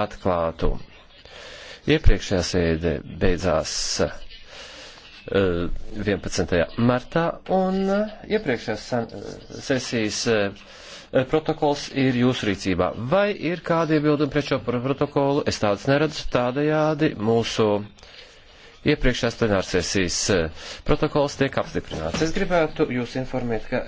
atklātu. Iepriekšējā sēde beidzās 11. Eh, martā, un eh, iepriekšējās eh, sesijas protokols ir jūsu rīcībā. Vai ir kādi iebildumi pret šo protokolu? Es tādas neredzu. Tādējādi mūsu iepriekšējās plenārsesijas protokols tiek apstiprināts. Es gribētu jūs informēt, ka